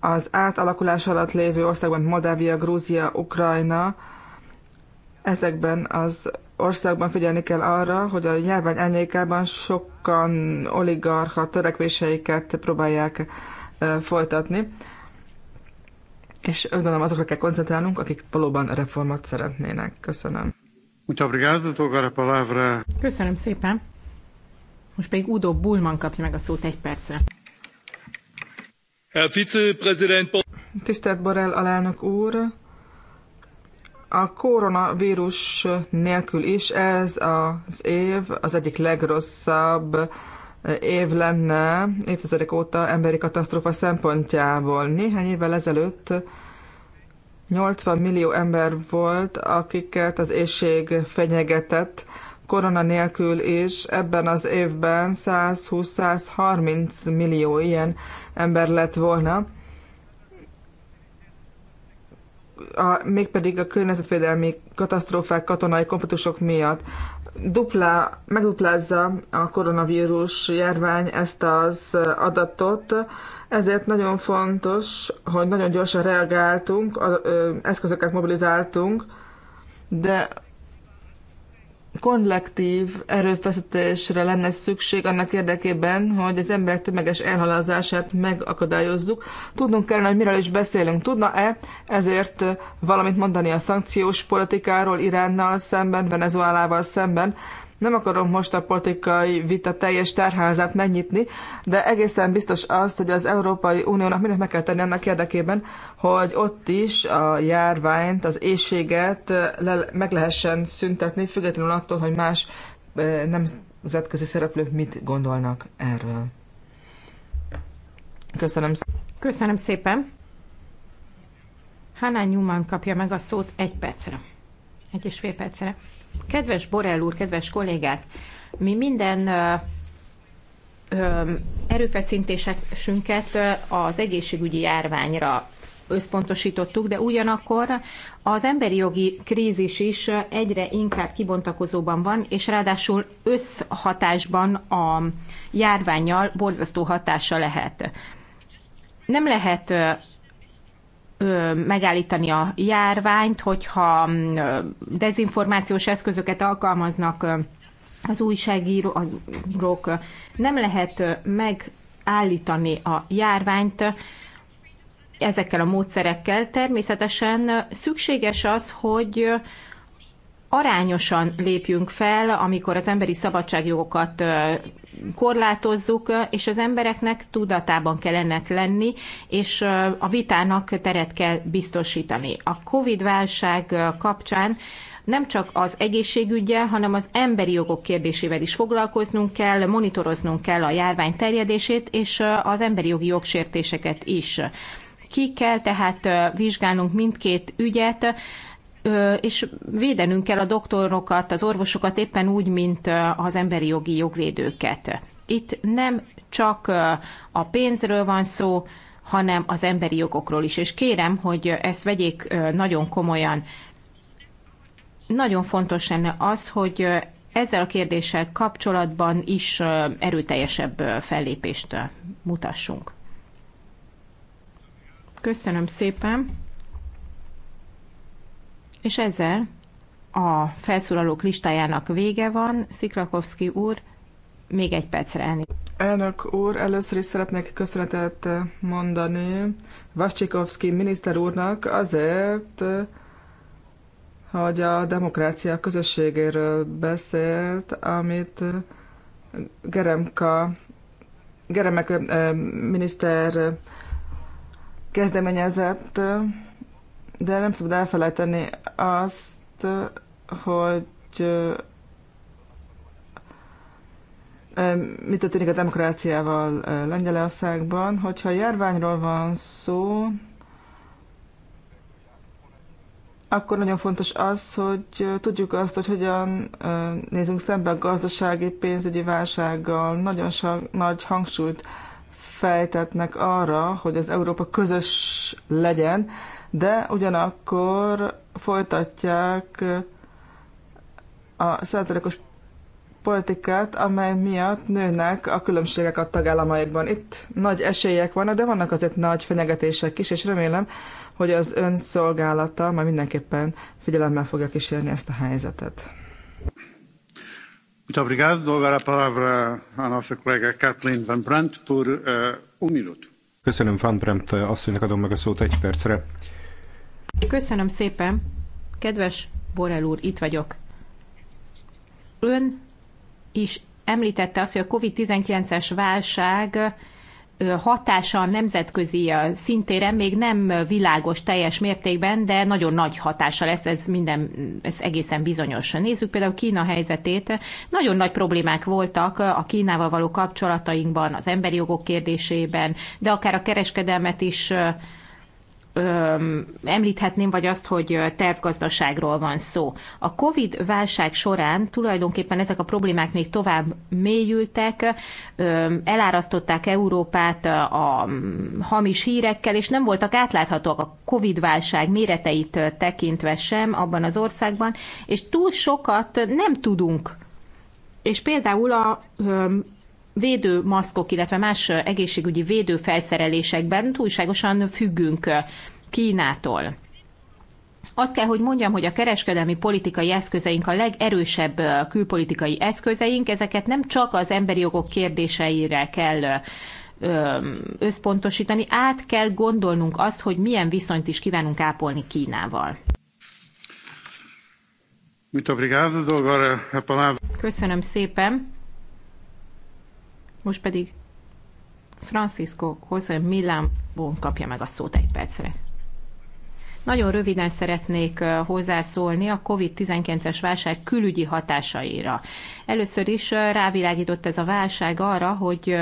az átalakulás alatt lévő országban, Moldávia, Grúzia, Ukrajna, ezekben az országban figyelni kell arra, hogy a járvány elnyékában sokan oligarcha törekvéseiket próbálják folytatni, és úgy gondolom azokra kell koncentrálnunk, akik valóban reformat szeretnének. Köszönöm. Köszönöm szépen. Most pedig Udo Bullman kapja meg a szót egy percre. Tisztelt Borrell alelnök úr! A koronavírus nélkül is ez az év az egyik legrosszabb év lenne évtizedek óta emberi katasztrófa szempontjából. Néhány évvel ezelőtt 80 millió ember volt, akiket az éjség fenyegetett, korona nélkül is ebben az évben 120-130 millió ilyen ember lett volna, a, mégpedig a környezetvédelmi katasztrófák, katonai konfliktusok miatt duplá, megduplázza a koronavírus járvány ezt az adatot, ezért nagyon fontos, hogy nagyon gyorsan reagáltunk, eszközöket mobilizáltunk, de kollektív erőfeszítésre lenne szükség annak érdekében, hogy az emberek tömeges elhalázását megakadályozzuk. Tudnunk kellene, hogy miről is beszélünk. Tudna-e ezért valamit mondani a szankciós politikáról Iránnal szemben, Venezuelával szemben, nem akarom most a politikai vita teljes tárházát megnyitni, de egészen biztos az, hogy az Európai Uniónak mindent meg kell tenni annak érdekében, hogy ott is a járványt, az éjséget meg lehessen szüntetni, függetlenül attól, hogy más nemzetközi szereplők mit gondolnak erről. Köszönöm szépen. Köszönöm szépen. Hannah Newman kapja meg a szót egy percre. Egy és fél percre. Kedves Borel úr, kedves kollégák, mi minden erőfeszítésünket az egészségügyi járványra összpontosítottuk, de ugyanakkor az emberi jogi krízis is egyre inkább kibontakozóban van, és ráadásul összhatásban a járványjal borzasztó hatása lehet. Nem lehet megállítani a járványt, hogyha mm, dezinformációs eszközöket alkalmaznak az újságírók, nem lehet megállítani a járványt ezekkel a módszerekkel. Természetesen szükséges az, hogy arányosan lépjünk fel, amikor az emberi szabadságjogokat korlátozzuk, és az embereknek tudatában kell ennek lenni, és a vitának teret kell biztosítani. A COVID-válság kapcsán nem csak az egészségügyel, hanem az emberi jogok kérdésével is foglalkoznunk kell, monitoroznunk kell a járvány terjedését, és az emberi jogi jogsértéseket is. Ki kell tehát vizsgálnunk mindkét ügyet, és védenünk kell a doktorokat, az orvosokat éppen úgy, mint az emberi jogi jogvédőket. Itt nem csak a pénzről van szó, hanem az emberi jogokról is. És kérem, hogy ezt vegyék nagyon komolyan. Nagyon fontos lenne az, hogy ezzel a kérdéssel kapcsolatban is erőteljesebb fellépést mutassunk. Köszönöm szépen! És ezzel a felszólalók listájának vége van. Sziklakovszki úr, még egy percre elni. Elnök úr, először is szeretnék köszönetet mondani Vacsikovszki miniszter úrnak azért, hogy a demokrácia közösségéről beszélt, amit Geremka, Geremek miniszter kezdeményezett de nem szabad elfelejteni azt, hogy mit történik a demokráciával Lengyelországban, hogyha járványról van szó, akkor nagyon fontos az, hogy tudjuk azt, hogy hogyan nézünk szembe a gazdasági, pénzügyi válsággal. Nagyon nagy hangsúlyt fejtetnek arra, hogy az Európa közös legyen, de ugyanakkor folytatják a százalékos politikát, amely miatt nőnek a különbségek a tagállamaikban. Itt nagy esélyek vannak, de vannak azért nagy fenyegetések is, és remélem, hogy az ön szolgálata majd mindenképpen figyelemmel fogja kísérni ezt a helyzetet. Muito obrigado. Dou agora a palavra à nossa colega Kathleen Van Brandt por uh, um minuto. Köszönöm Van Brandt asszonynak adom meg a szót egy percre. Köszönöm szépen. Kedves Borel úr, itt vagyok. Ön is említette azt, hogy a COVID-19-es válság hatása a nemzetközi szintére még nem világos teljes mértékben, de nagyon nagy hatása lesz, ez, minden, ez egészen bizonyos. Nézzük például Kína helyzetét. Nagyon nagy problémák voltak a Kínával való kapcsolatainkban, az emberi jogok kérdésében, de akár a kereskedelmet is említhetném, vagy azt, hogy tervgazdaságról van szó. A COVID válság során tulajdonképpen ezek a problémák még tovább mélyültek, elárasztották Európát a hamis hírekkel, és nem voltak átláthatóak a COVID válság méreteit tekintve sem abban az országban, és túl sokat nem tudunk. És például a védőmaszkok, illetve más egészségügyi védőfelszerelésekben túlságosan függünk Kínától. Azt kell, hogy mondjam, hogy a kereskedelmi politikai eszközeink a legerősebb külpolitikai eszközeink, ezeket nem csak az emberi jogok kérdéseire kell összpontosítani, át kell gondolnunk azt, hogy milyen viszonyt is kívánunk ápolni Kínával. Köszönöm szépen. Most pedig Francisco José Milán kapja meg a szót egy percre. Nagyon röviden szeretnék hozzászólni a COVID-19-es válság külügyi hatásaira. Először is rávilágított ez a válság arra, hogy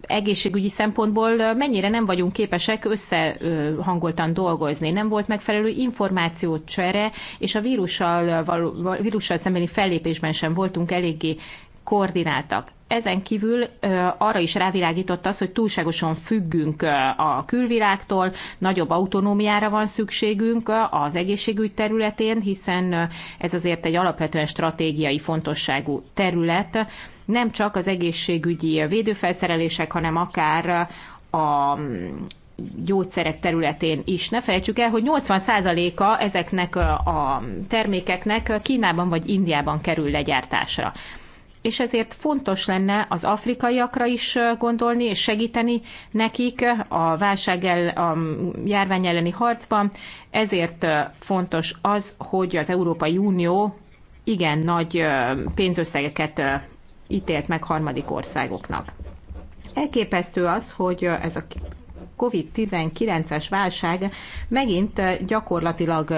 egészségügyi szempontból mennyire nem vagyunk képesek összehangoltan dolgozni. Nem volt megfelelő csere, és a vírussal, vírussal szembeni fellépésben sem voltunk eléggé koordináltak. Ezen kívül arra is rávilágított az, hogy túlságosan függünk a külvilágtól, nagyobb autonómiára van szükségünk az egészségügy területén, hiszen ez azért egy alapvetően stratégiai fontosságú terület, nem csak az egészségügyi védőfelszerelések, hanem akár a mm, gyógyszerek területén is. Ne felejtsük el, hogy 80%-a ezeknek a termékeknek Kínában vagy Indiában kerül legyártásra és ezért fontos lenne az afrikaiakra is gondolni, és segíteni nekik a válság el, a járvány elleni harcban. Ezért fontos az, hogy az Európai Unió igen nagy pénzösszegeket ítélt meg harmadik országoknak. Elképesztő az, hogy ez a COVID-19-es válság megint gyakorlatilag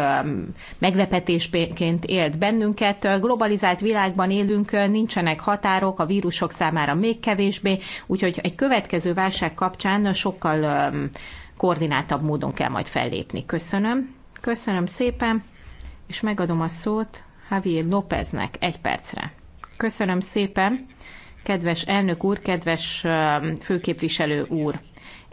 meglepetésként élt bennünket. Globalizált világban élünk, nincsenek határok, a vírusok számára még kevésbé, úgyhogy egy következő válság kapcsán sokkal koordináltabb módon kell majd fellépni. Köszönöm. Köszönöm szépen, és megadom a szót Javier Lópeznek egy percre. Köszönöm szépen, kedves elnök úr, kedves főképviselő úr.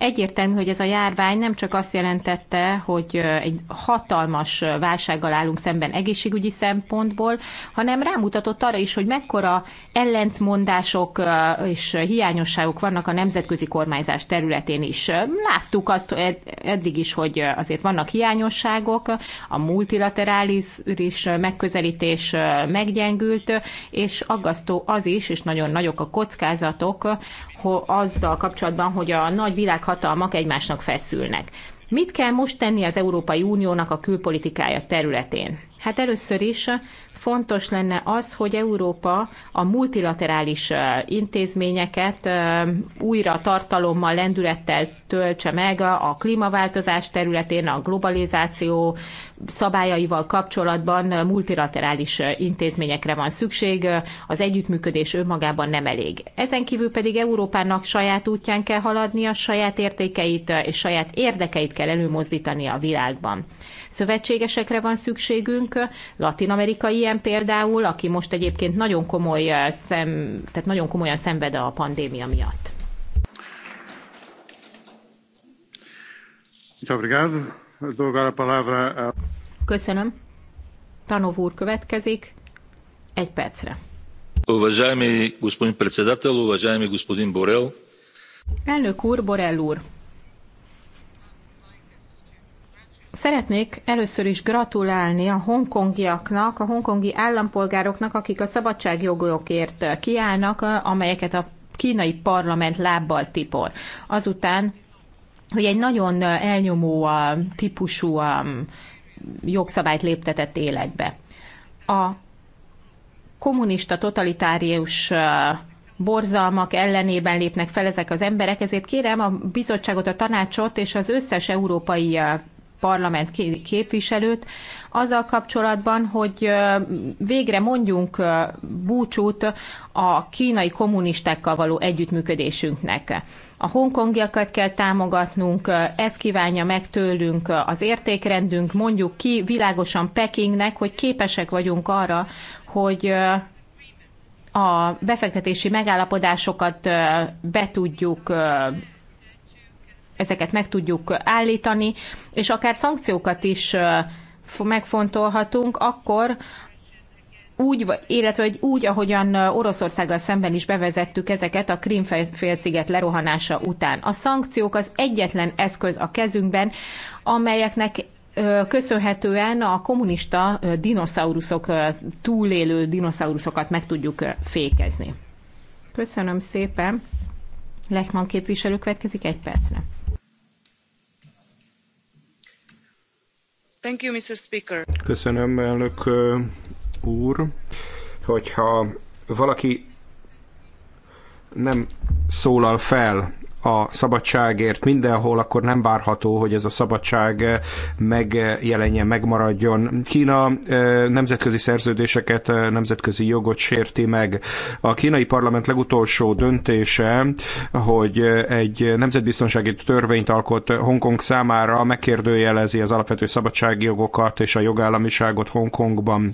Egyértelmű, hogy ez a járvány nem csak azt jelentette, hogy egy hatalmas válsággal állunk szemben egészségügyi szempontból, hanem rámutatott arra is, hogy mekkora ellentmondások és hiányosságok vannak a nemzetközi kormányzás területén is. Láttuk azt eddig is, hogy azért vannak hiányosságok, a multilaterális megközelítés meggyengült, és aggasztó az is, és nagyon nagyok a kockázatok, azzal kapcsolatban, hogy a nagy világhatalmak egymásnak feszülnek. Mit kell most tenni az Európai Uniónak a külpolitikája területén? Hát először is fontos lenne az, hogy Európa a multilaterális intézményeket újra tartalommal, lendülettel töltse meg a klímaváltozás területén, a globalizáció szabályaival kapcsolatban multilaterális intézményekre van szükség, az együttműködés önmagában nem elég. Ezen kívül pedig Európának saját útján kell a saját értékeit és saját érdekeit kell előmozdítani a világban. Szövetségesekre van szükségünk, Latinamerikai Ilyen például, aki most egyébként nagyon, komoly eh, szem, tehát nagyon komolyan szenved a pandémia miatt. Köszönöm. Tanov úr következik. Egy percre. господин уважаемый господин Борел. Elnök úr, Borel úr, Szeretnék először is gratulálni a hongkongiaknak, a hongkongi állampolgároknak, akik a szabadságjogokért kiállnak, amelyeket a kínai parlament lábbal tipor. Azután, hogy egy nagyon elnyomó típusú jogszabályt léptetett életbe. A kommunista totalitárius borzalmak ellenében lépnek fel ezek az emberek, ezért kérem a bizottságot, a tanácsot és az összes európai parlament képviselőt azzal kapcsolatban, hogy végre mondjunk búcsút a kínai kommunistákkal való együttműködésünknek. A hongkongiakat kell támogatnunk, ez kívánja meg tőlünk az értékrendünk, mondjuk ki világosan Pekingnek, hogy képesek vagyunk arra, hogy a befektetési megállapodásokat be tudjuk ezeket meg tudjuk állítani, és akár szankciókat is megfontolhatunk, akkor úgy, illetve hogy úgy, ahogyan Oroszországgal szemben is bevezettük ezeket a Krímfélsziget lerohanása után. A szankciók az egyetlen eszköz a kezünkben, amelyeknek köszönhetően a kommunista dinoszauruszok, túlélő dinoszauruszokat meg tudjuk fékezni. Köszönöm szépen. Lechman képviselő következik egy percre. Thank you, Mr. Speaker. Köszönöm, elnök úr. Hogyha valaki nem szólal fel a szabadságért mindenhol, akkor nem várható, hogy ez a szabadság eh, megjelenjen, megmaradjon. Kína eh, nemzetközi szerződéseket, eh, nemzetközi jogot sérti meg. A kínai parlament legutolsó döntése, hogy egy nemzetbiztonsági törvényt alkot Hongkong számára, megkérdőjelezi az alapvető szabadságjogokat és a jogállamiságot Hongkongban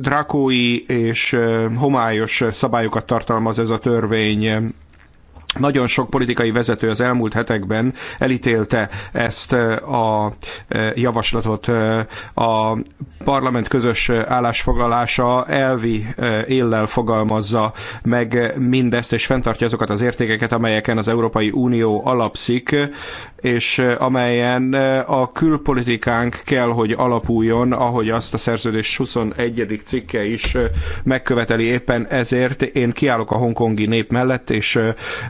Drakói és homályos szabályokat tartalmaz ez a törvény. Nagyon sok politikai vezető az elmúlt hetekben elítélte ezt a javaslatot. A parlament közös állásfoglalása elvi éllel fogalmazza meg mindezt, és fenntartja azokat az értékeket, amelyeken az Európai Unió alapszik, és amelyen a külpolitikánk kell, hogy alapuljon, ahogy azt a szerződés 21. cikke is megköveteli éppen ezért. Én kiállok a hongkongi nép mellett, és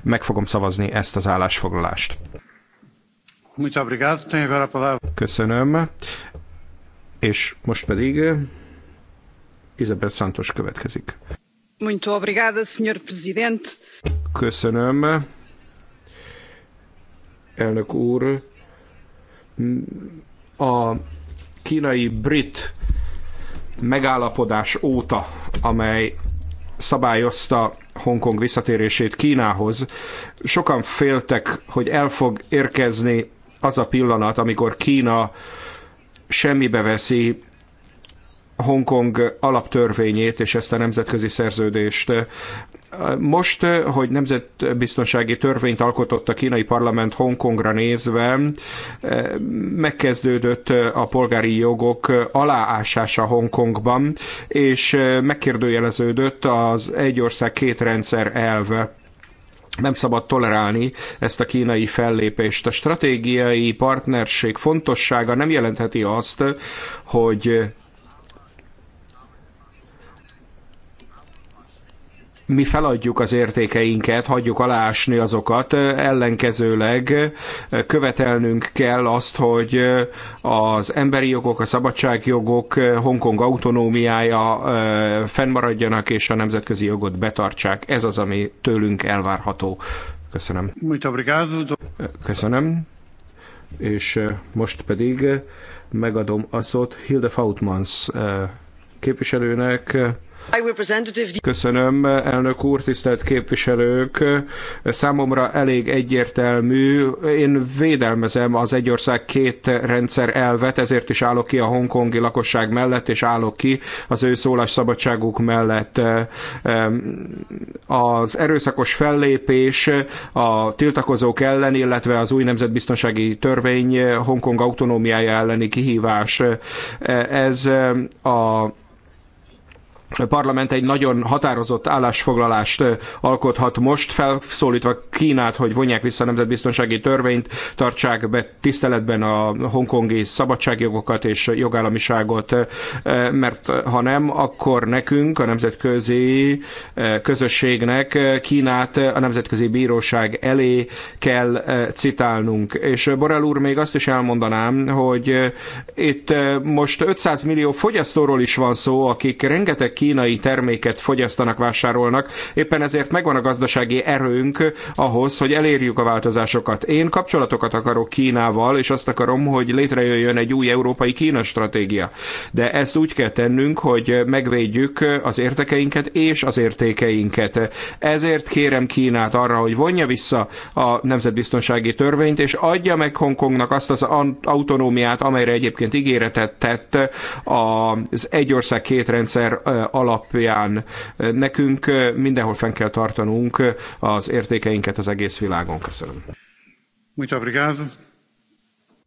meg meg fogom szavazni ezt az állásfoglalást. Köszönöm. És most pedig eh, Isabel Santos következik. Muito obrigada, Sr. Presidente. Köszönöm. Elnök úr, a kínai-brit megállapodás óta, amely szabályozta Hongkong visszatérését Kínához. Sokan féltek, hogy el fog érkezni az a pillanat, amikor Kína semmibe veszi Hongkong alaptörvényét és ezt a nemzetközi szerződést. Most, hogy nemzetbiztonsági törvényt alkotott a kínai parlament Hongkongra nézve, megkezdődött a polgári jogok aláásása Hongkongban, és megkérdőjeleződött az egy ország két rendszer elve nem szabad tolerálni ezt a kínai fellépést. A stratégiai partnerség fontossága nem jelentheti azt, hogy mi feladjuk az értékeinket, hagyjuk alásni azokat, ellenkezőleg eh, követelnünk kell azt, hogy eh, az emberi jogok, a szabadságjogok, eh, Hongkong autonómiája fennmaradjanak, és a nemzetközi jogot betartsák. Ez az, ami tőlünk elvárható. Köszönöm. Muito obrigado. Köszönöm. És most pedig megadom a szót Hilde Fautmans képviselőnek. Köszönöm, elnök úr, tisztelt képviselők. Számomra elég egyértelmű. Én védelmezem az egy ország két rendszer elvet, ezért is állok ki a hongkongi lakosság mellett, és állok ki az ő szólásszabadságuk mellett. Az erőszakos fellépés a tiltakozók ellen, illetve az új nemzetbiztonsági törvény Hongkong autonómiája elleni kihívás. Ez a parlament egy nagyon határozott állásfoglalást alkothat most, felszólítva Kínát, hogy vonják vissza a nemzetbiztonsági törvényt, tartsák be tiszteletben a hongkongi szabadságjogokat és jogállamiságot, mert ha nem, akkor nekünk, a nemzetközi közösségnek Kínát a Nemzetközi Bíróság elé kell citálnunk. És Borel úr, még azt is elmondanám, hogy itt most 500 millió fogyasztóról is van szó, akik rengeteg kínai terméket fogyasztanak, vásárolnak. Éppen ezért megvan a gazdasági erőnk ahhoz, hogy elérjük a változásokat. Én kapcsolatokat akarok Kínával, és azt akarom, hogy létrejöjjön egy új európai Kína stratégia. De ezt úgy kell tennünk, hogy megvédjük az értekeinket és az értékeinket. Ezért kérem Kínát arra, hogy vonja vissza a nemzetbiztonsági törvényt, és adja meg Hongkongnak azt az autonómiát, amelyre egyébként ígéretet tett az egy ország két rendszer alapján. Nekünk mindenhol fenn kell tartanunk az értékeinket az egész világon. Köszönöm. Muito obrigado.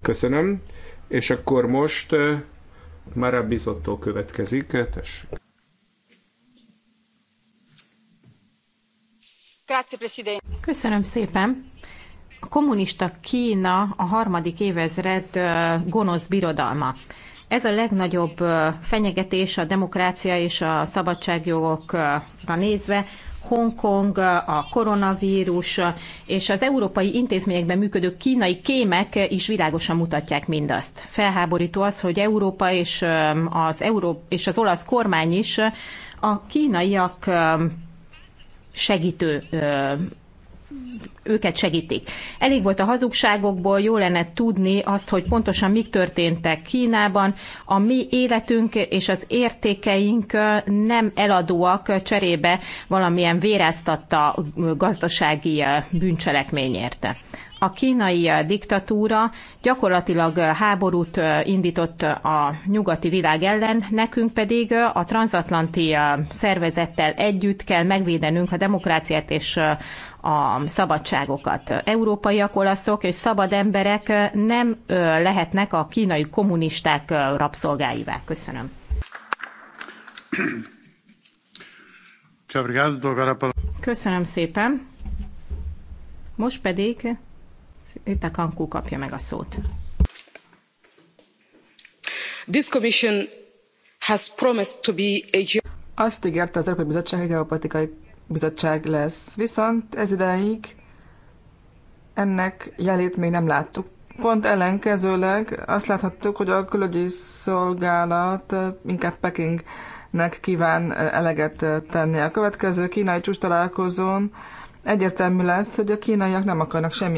Köszönöm. És akkor most Mara Bizottó következik. Tessék. Köszönöm szépen. A kommunista Kína a harmadik évezred gonosz birodalma. Ez a legnagyobb fenyegetés a demokrácia és a szabadságjogokra nézve, Hongkong, a koronavírus és az európai intézményekben működő kínai kémek is világosan mutatják mindazt. Felháborító az, hogy Európa és az, Euró- és az olasz kormány is a kínaiak segítő őket segítik. Elég volt a hazugságokból, jó lenne tudni azt, hogy pontosan mik történtek Kínában. A mi életünk és az értékeink nem eladóak cserébe valamilyen véráztatta gazdasági bűncselekményért a kínai eh, diktatúra gyakorlatilag eh, háborút eh, indított a nyugati világ ellen, nekünk pedig a transatlanti szervezettel együtt kell megvédenünk a demokráciát és a szabadságokat. Európaiak, olaszok és szabad emberek nem lehetnek a kínai kommunisták rabszolgáivá. Köszönöm. Köszönöm szépen. Most pedig itt a Kankú kapja meg a szót. This commission has promised to be a... Azt ígérte az Európai Bizottság, hogy geopolitikai bizottság lesz, viszont ez ideig ennek jelét még nem láttuk. Pont ellenkezőleg azt láthattuk, hogy a külügyi szolgálat inkább Pekingnek kíván eleget tenni. A következő kínai csúcs találkozón egyértelmű lesz, hogy a kínaiak nem akarnak semmi